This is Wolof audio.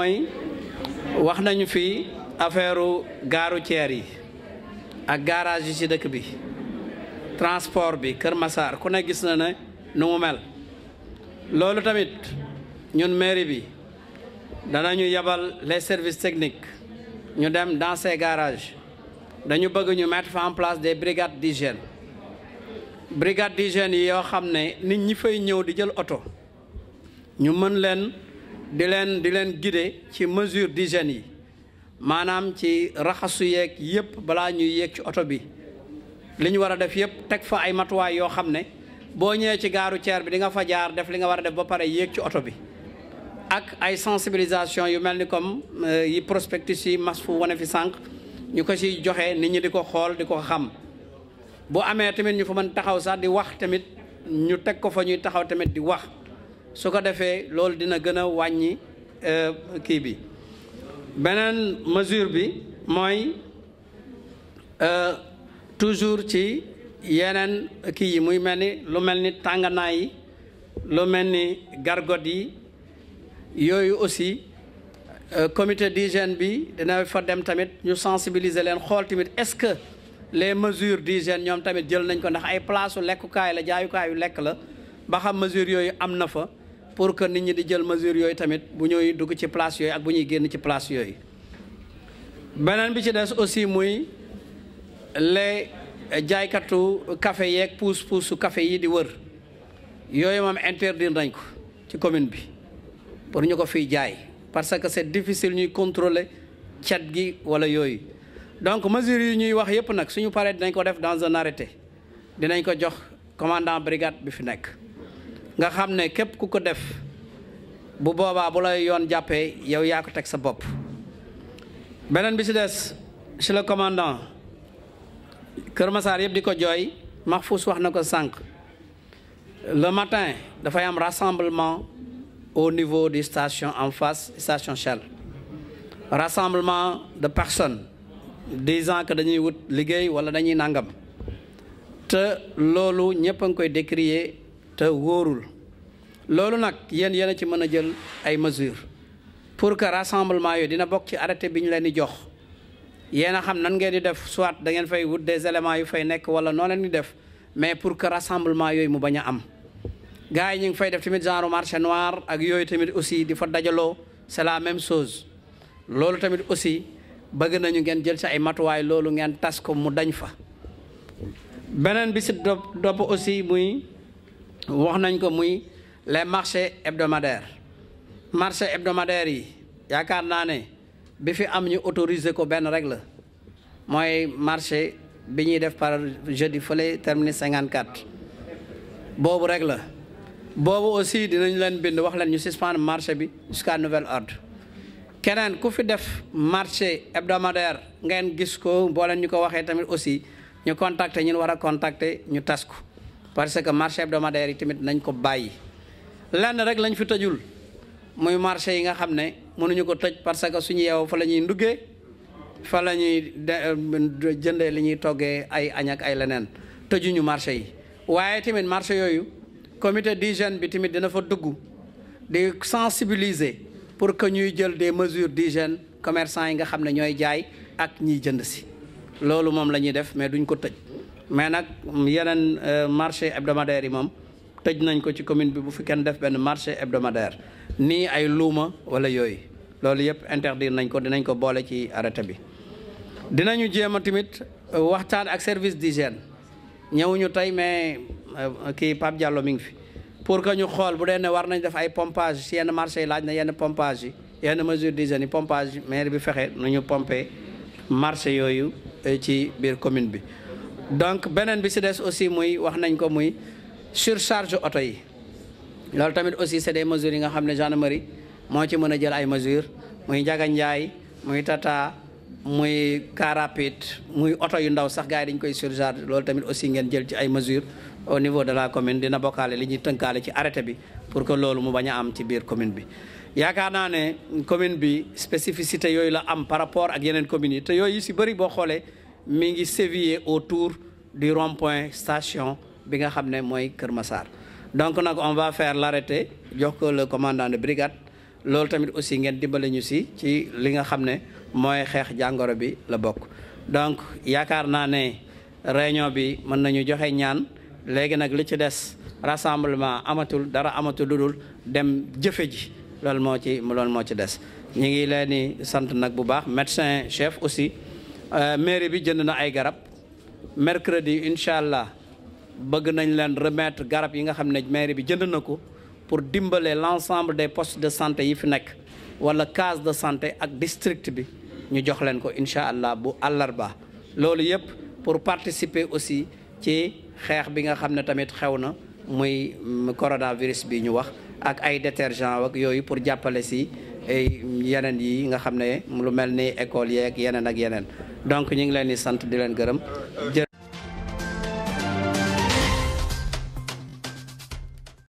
mooy wax nañu fi affaire gaaru routière yi ak garage yi ci dëkk bi transport bi Kër Massar ku ne gis na ne nu mu mel loolu tamit ñun mairie bi dana danañu yebal les service techniques ñu dem dans ces garages dañu bëgg ñu mettre fa en place des brigades d'hygiène brigades d'hygiène yi yoo xam ne nit ñi fay ñëw di jël oto ñu mën leen di leen di leen guider ci mesure di d'hygiène yi maanaam ci raxasu yeeg yëpp balaa ñuy yéeg ci oto bi li ñu war a def yëpp teg fa ay matuwaay yoo xam ne boo ñëwee ci gaaru ceer bi di nga fa jaar def li nga war a def ba pare yéeg ci oto bi ak ay sensibilisation yu mel ni comme euh, yi prospectus yi mas fu wane fi sànq ñu ko si joxe nit ñi di ko xool di ko xam boo amee tamit ñu fa man taxaw sax di wax tamit ñu teg ko fa ñuy taxaw tamit di wax su ko defee loolu dina gën a wàññi euh, kii bi beneen mesure bi mooy euh, toujours ci yeneen kii yi muy mel ni lu mel ni tànganaay yi lu mel ni gargot yi yooyu aussi euh, comité d'hygiène bi dina fa dem tamit ñu sensibiliser leen xool tamit est-ce que les mesures d'hygiène ñoom tamit jël nañ ko ndax ay place u lekkukaay la jaayukaayu lekk la ba xam mesure yooyu am na fa pour que nit ñi di jël mesure yooyu tamit bu ñuy dugg ci place yooyu ak bu ñuy génn ci yooyu beneen bi ci des aussi muy les jaaykatu café yeeg puus puusu kafe yi di wër yooyu moom interdire nañ ko ci commune bi pour ñu ko fiy jaay parce que c'est difficile ñuy controle cet gi wala yooyu donc mesures yi ñuy wax yépp nag suñu paree dinañ ko def dans un arrêté dinañ ko jox commandant brigade bi fi nekk nga xam ne képp ku ko def bu boobaa bu lay yoon jàppee yow yaa ko teg sa bopp beneen bi si des si le commandant Kër masaar yëpp di ko jooy Mahfous wax na ko sànq le matin dafay am rassemblement au niveau du station en face station Shell rassemblement de personnes disant que dañuy wut liggéey wala dañuy nàngam te loolu ñëpp a ngi koy décrier te wóorul loolu nag yéen yéen a ci mën a jël ay mesures pour que rassemblement yooyu dina bokk ci arrêté bi ñu leen di jox yéen a xam nan ngeen di def soit da ngeen fay wut des éléments yu fay nekk wala noo leen di def mais pour que rassemblement yooyu mu bañ a am gars yi ñu ngi fay def tamit genre marché noir ak yooyu tamit aussi di fa dajaloo c'est la même chose loolu tamit aussi bëgg nañu ngeen jël ci ay matuwaay loolu ngeen tas ko mu dañ fa beneen bi si dopp aussi muy wax nañ ko muy les marchés hebdomadaires marché hebdomadaire yi yaakaar naa ne bi fi am ñu autoriser ko benn rek la mooy marché bi ñuy def par jeudi fële cinquante 54 boobu rek la boobu aussi dinañ leen bind wax leen ñu suspendre marché bi jusqu'à nouvel ordre keneen ku fi def marché hebdomadaire ngeen gis ko boo leen ñu ko waxee tamit aussi ñu contacter ñun war a contacter ñu tas ko parce que marché hebdomadaire yi tamit nañ ko bàyyi lenn rek lañ fi tëjul muy marché yi nga xam ne mënuñu ko tëj parce que suñu yeewoo fa la ñuy nduggee fa la ñuy euh, jëndee li ñuy toggee ay añ ak ay leneen tëjuñu marché yi waaye tamit marché yooyu comité d'hygiène bi tamit dina fa dugg di sensibiliser pour que ñuy jël des mesures d'hygiène commerçant yi nga xam ne ñooy jaay ak ñiy jënd si loolu moom la ñuy def mais duñ ko tëj mais nag yeneen euh, marché hebdomadaire yi moom tëj nañ ko ci commune bi bu fi kenn def benn marché hebdomadaire nii ay luuma wala yooyu loolu yëpp interdire nañ ko dinañ ko boole ci arrêté bi. dinañu jéem a euh, waxtaan ak service d'hygiène ñëwuñu tey mais euh, kii Pape Diallo mi ngi fi pour que ñu xool bu dee ne war nañ def ay pompage si yenn marché yi laaj na yenn pompage yi yenn mesure d'hygiène yi pompage maire bi fexe nu ñu pomper marché yooyu ci biir commune bi. donc beneen bi si des aussi muy wax nañ ko muy surcharge oto yi loolu tamit aussi c'est des mesures yi nga xam ne gendarmerie moo ci mën a jël ay mesures muy Njaga Njaay muy Tata muy car rapide muy oto yu ndaw sax gars yi dañ koy surcharge loolu tamit aussi ngeen jël ci ay mesures au niveau de la commune dina bokkaale li ñuy tënkaale ci arrêté bi pour que loolu mu bañ a am ci biir commune bi. yaakaar naa ne commune bi spécificité yooyu la am par rapport ak yeneen communes yi te yooyu si bëri boo xoolee. mi ngi séviller autour du rond-point station bi nga xam ne mooy Kër Massar donc nag on va faire l'arrêté jox ko le commandant de brigade loolu tamit aussi ngeen dimbale ñu si ci li nga xam ne mooy xeex jàngoro bi la bokk donc yaakaar naa ne réunion bi mën nañu joxe ñaan léegi nag li ci des rassemblement amatul dara amatul dul dem jëfe ji loolu moo ci loolu moo ci des ñu ngi leen sant nag bu baax médecin chef aussi Euh, mairie bi jënd na ay garab mercredi incha allah bëgg nañ leen remettre garab yi nga xam ne mairie bi jënd na ko pour dimbale l' ensemble des postes de santé yi fi nekk wala case de santé ak district bi ñu jox leen ko incha allah bu àllarba loolu yëpp pour participer aussi ci xeex bi nga xam ne tamit xew na muy mm, coronavirus bi ñu wax ak ay détergent ak yooyu pour jàppale si yeneen yi nga xam ne lu mel ni école yeek yeneen ak yeneen donc ñu ngi leen di sant di leen gërëm